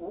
Huh?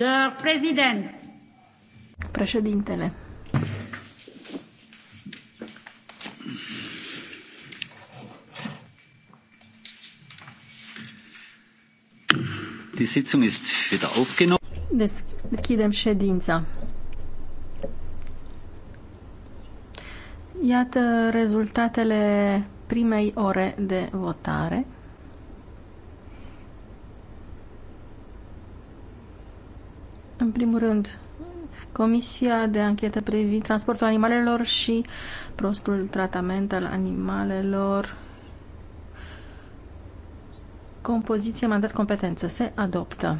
The president. Președintele. Die Sitzung ist wieder aufgenommen. Deschidem ședința. Iată rezultatele primei ore de votare. în primul rând, Comisia de anchetă privind transportul animalelor și prostul tratament al animalelor. Compoziție, mandat, competență. Se adoptă.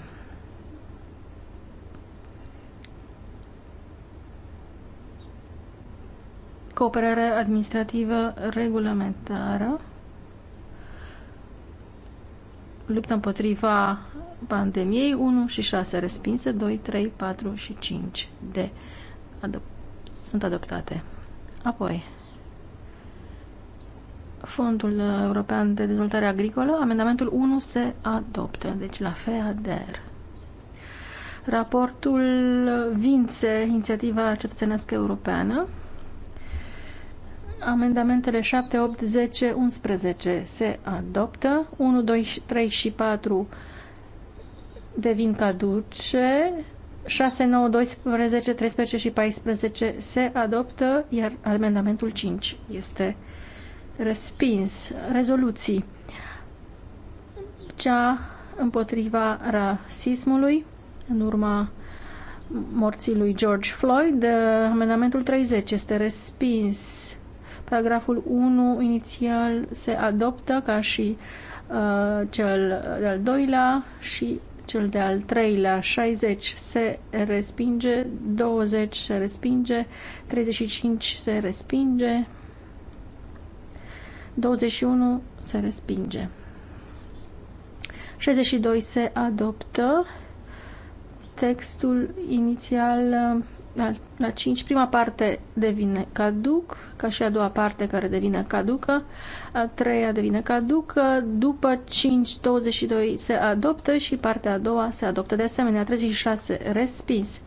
Cooperare administrativă regulamentară luptă împotriva pandemiei, 1 și 6 respinse, 2, 3, 4 și 5 de adop sunt adoptate. Apoi, Fondul European de Dezvoltare Agricolă, amendamentul 1 se adoptă, deci la FEADER. Raportul Vințe, Inițiativa Cetățenească Europeană, Amendamentele 7, 8, 10, 11 se adoptă. 1, 2, 3 și 4 devin caduce. 6, 9, 12, 13 și 14 se adoptă, iar amendamentul 5 este respins. Rezoluții. Cea împotriva rasismului, în urma morții lui George Floyd. Amendamentul 30 este respins. Paragraful 1 inițial se adoptă ca și uh, cel de-al doilea și cel de-al treilea, 60 se respinge, 20 se respinge, 35 se respinge, 21 se respinge. 62 se adoptă, textul inițial uh, la, la 5, prima parte devine caduc, ca și a doua parte care devine caducă, a treia devine caducă, după 5, 22 se adoptă și partea a doua se adoptă. De asemenea, 36 respins.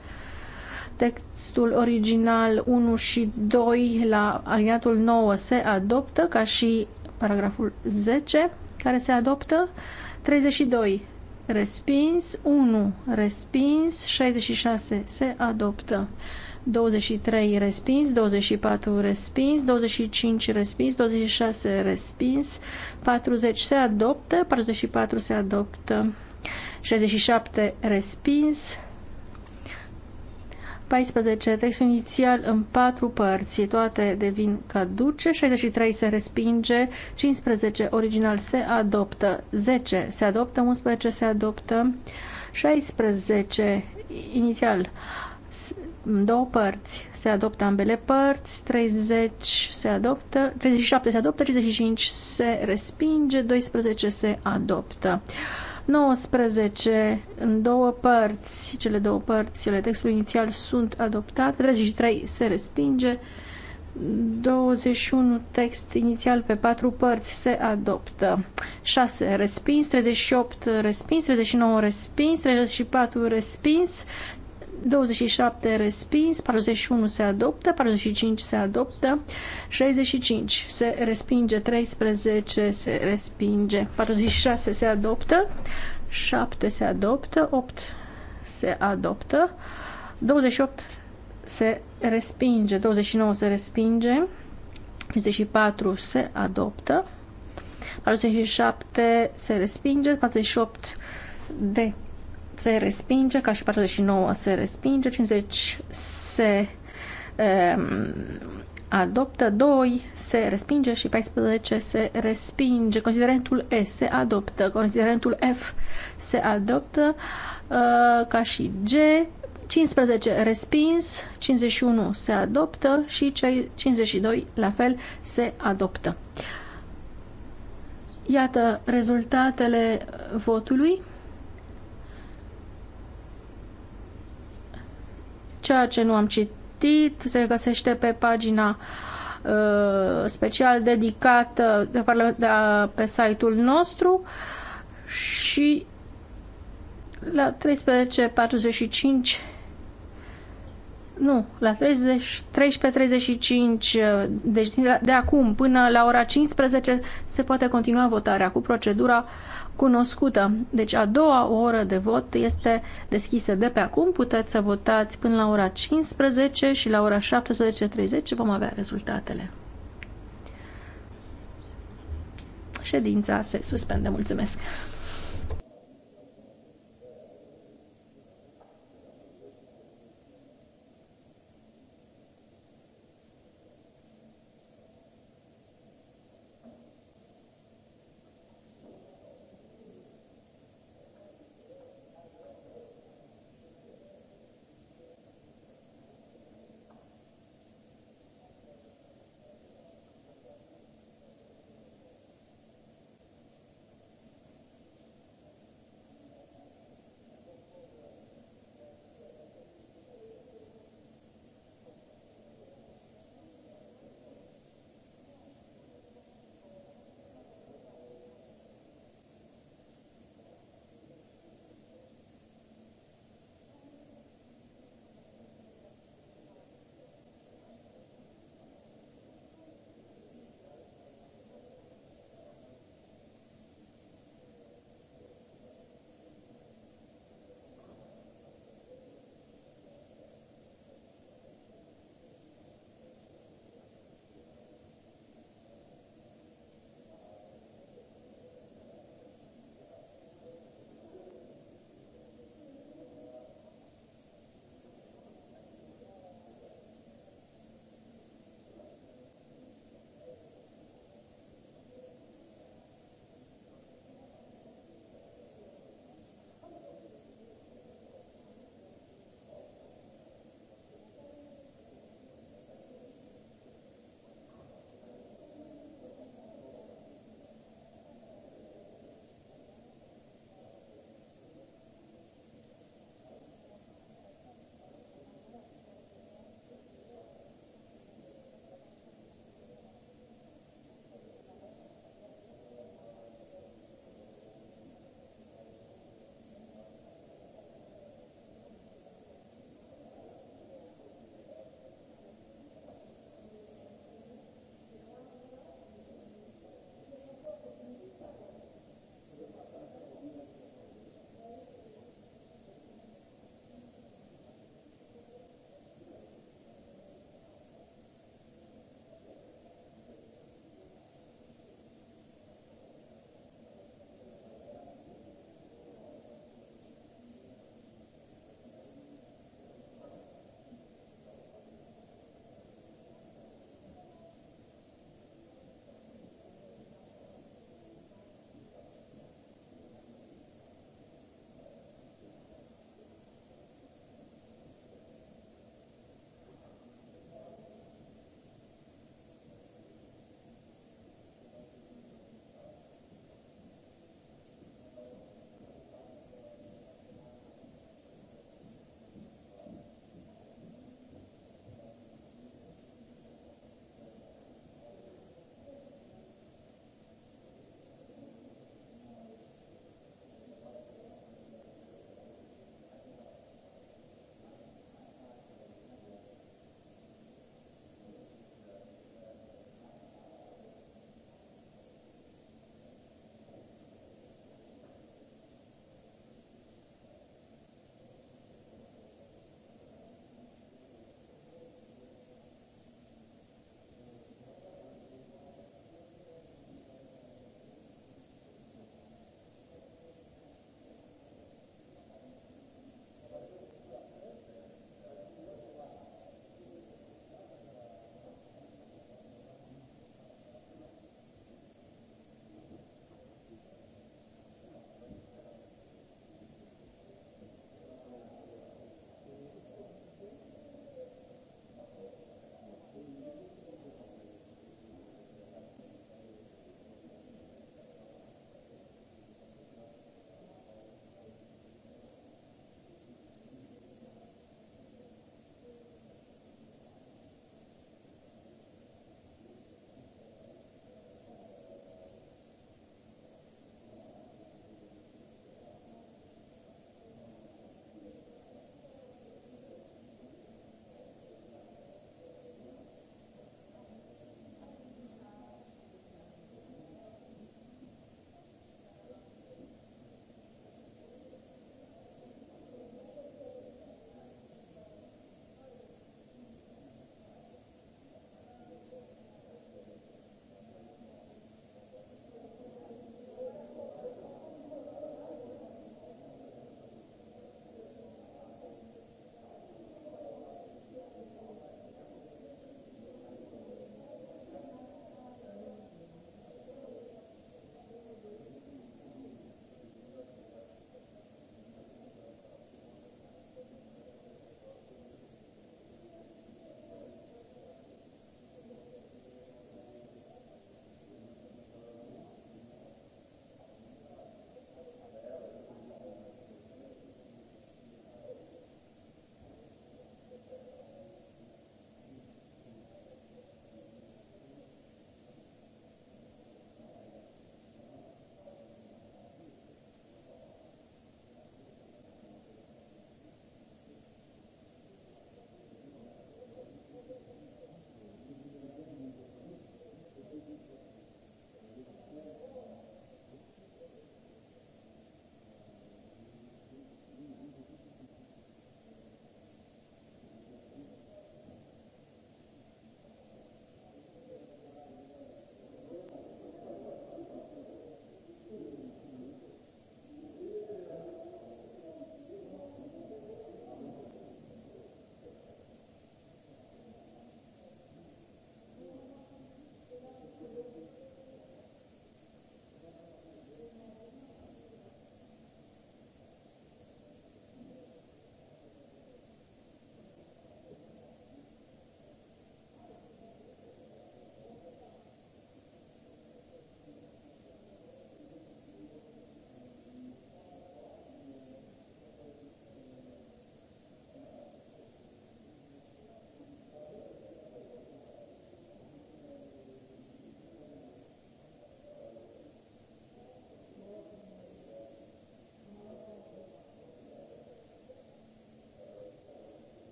Textul original 1 și 2 la aliatul 9 se adoptă, ca și paragraful 10 care se adoptă. 32 respins, 1 respins, 66 se adoptă, 23 respins, 24 respins, 25 respins, 26 respins, 40 se adoptă, 44 se adoptă, 67 respins, 14. Textul inițial în patru părți, toate devin caduce, 63 se respinge, 15. Original se adoptă, 10 se adoptă, 11 se adoptă, 16. Inițial în două părți se adoptă ambele părți, 30 se adoptă, 37 se adoptă, 35 se respinge, 12 se adoptă. 19 în două părți, cele două părți ale textului inițial sunt adoptate, 33 se respinge, 21 text inițial pe patru părți se adoptă, 6 respins, 38 respins, 39 respins, 34 respins, 27 respins, 41 se adoptă, 45 se adoptă, 65 se respinge, 13 se respinge, 46 se adoptă, 7 se adoptă, 8 se adoptă, 28 se respinge, 29 se respinge, 54 se adoptă, 47 se respinge, 48 de se respinge, ca și 49 se respinge, 50 se um, adoptă, 2 se respinge și 14 se respinge. Considerentul E se adoptă, considerentul F se adoptă uh, ca și G, 15 respins, 51 se adoptă și 52 la fel se adoptă. Iată rezultatele votului. Ceea ce nu am citit se găsește pe pagina uh, special dedicată de, de, pe site-ul nostru și la 13.45 nu, la 30, 13.35, uh, deci de acum până la ora 15 se poate continua votarea cu procedura uh, cunoscută. Deci a doua oră de vot este deschisă de pe acum. Puteți să votați până la ora 15 și la ora 17.30 vom avea rezultatele. Ședința se suspendă. Mulțumesc!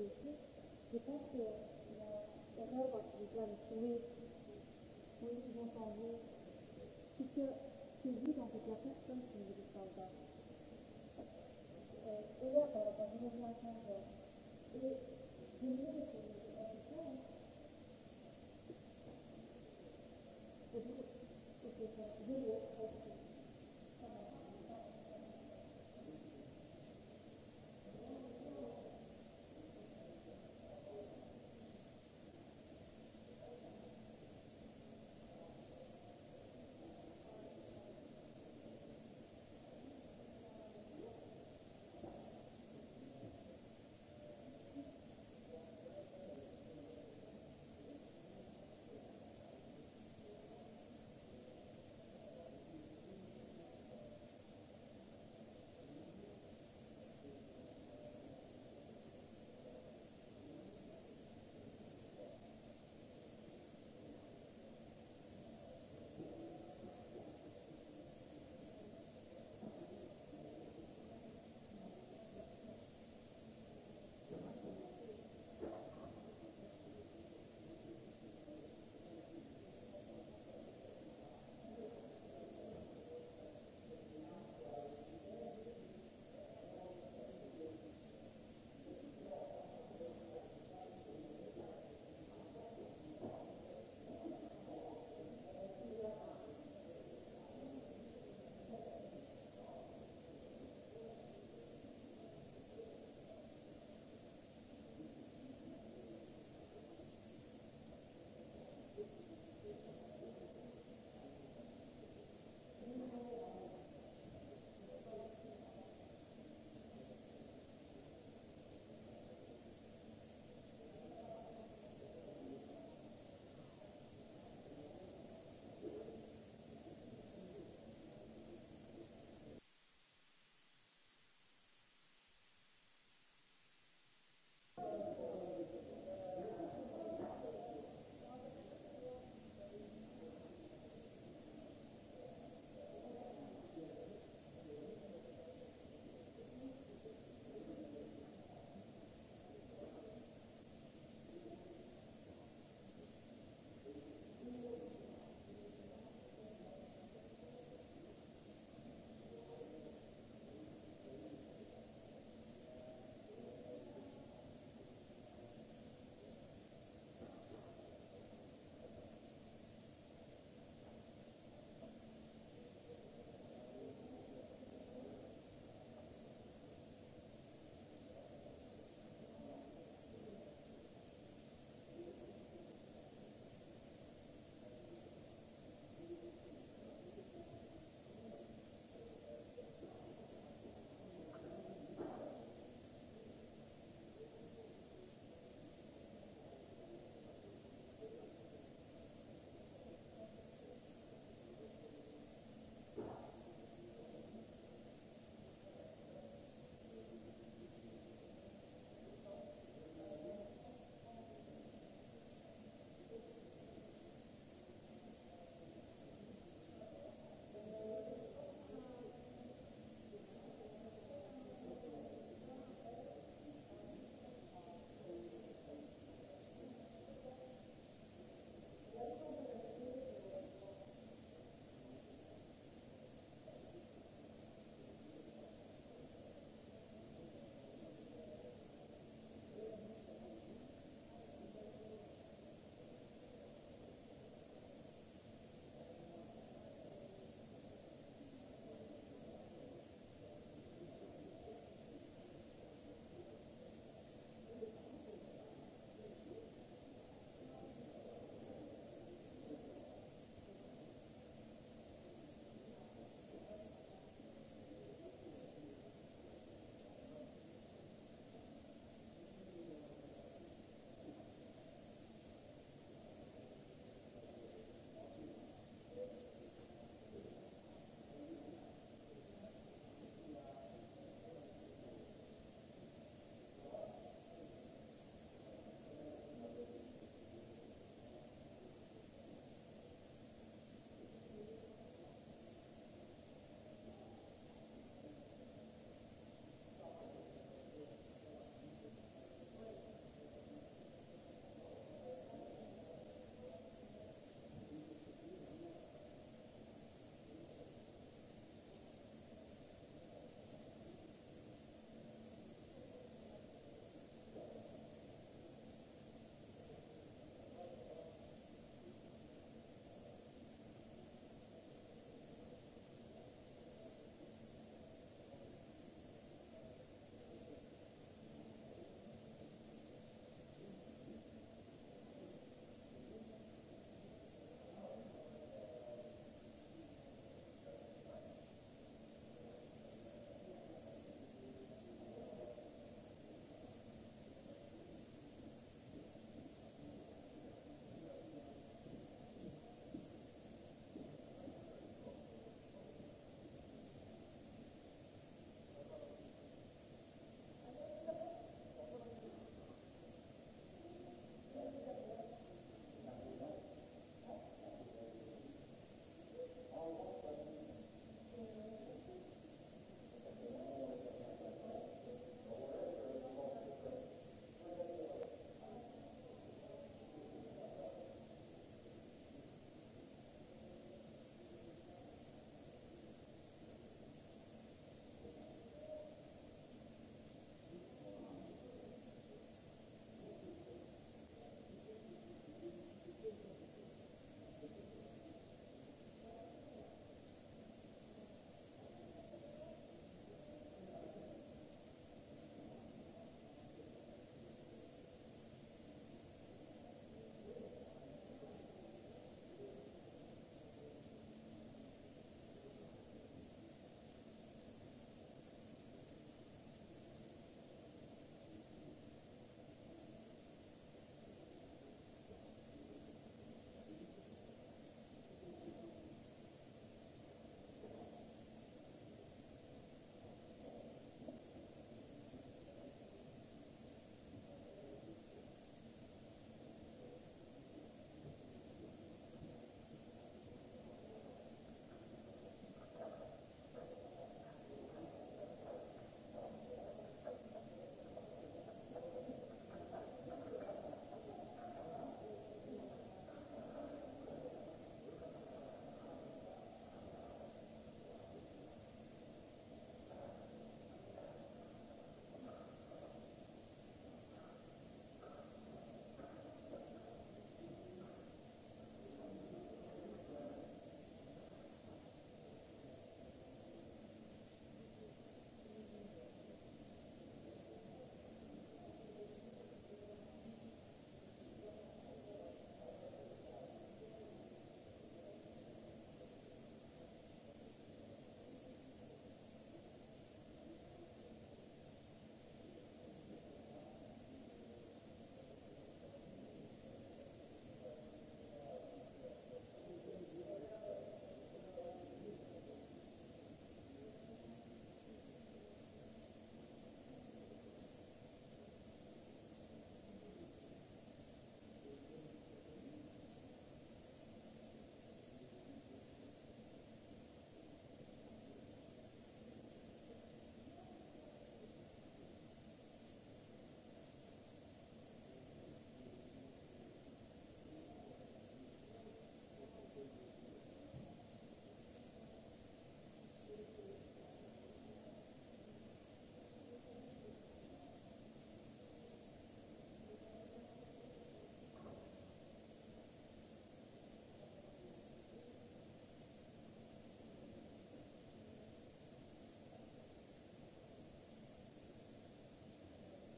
вещи, пытаться разорваться буквально, что мы, мы живем по нему. Теперь, сидит он как я так солнце не будет солдат. Или это, даже не знаю, как это. И земля, которая отвечает, это будет, это будет,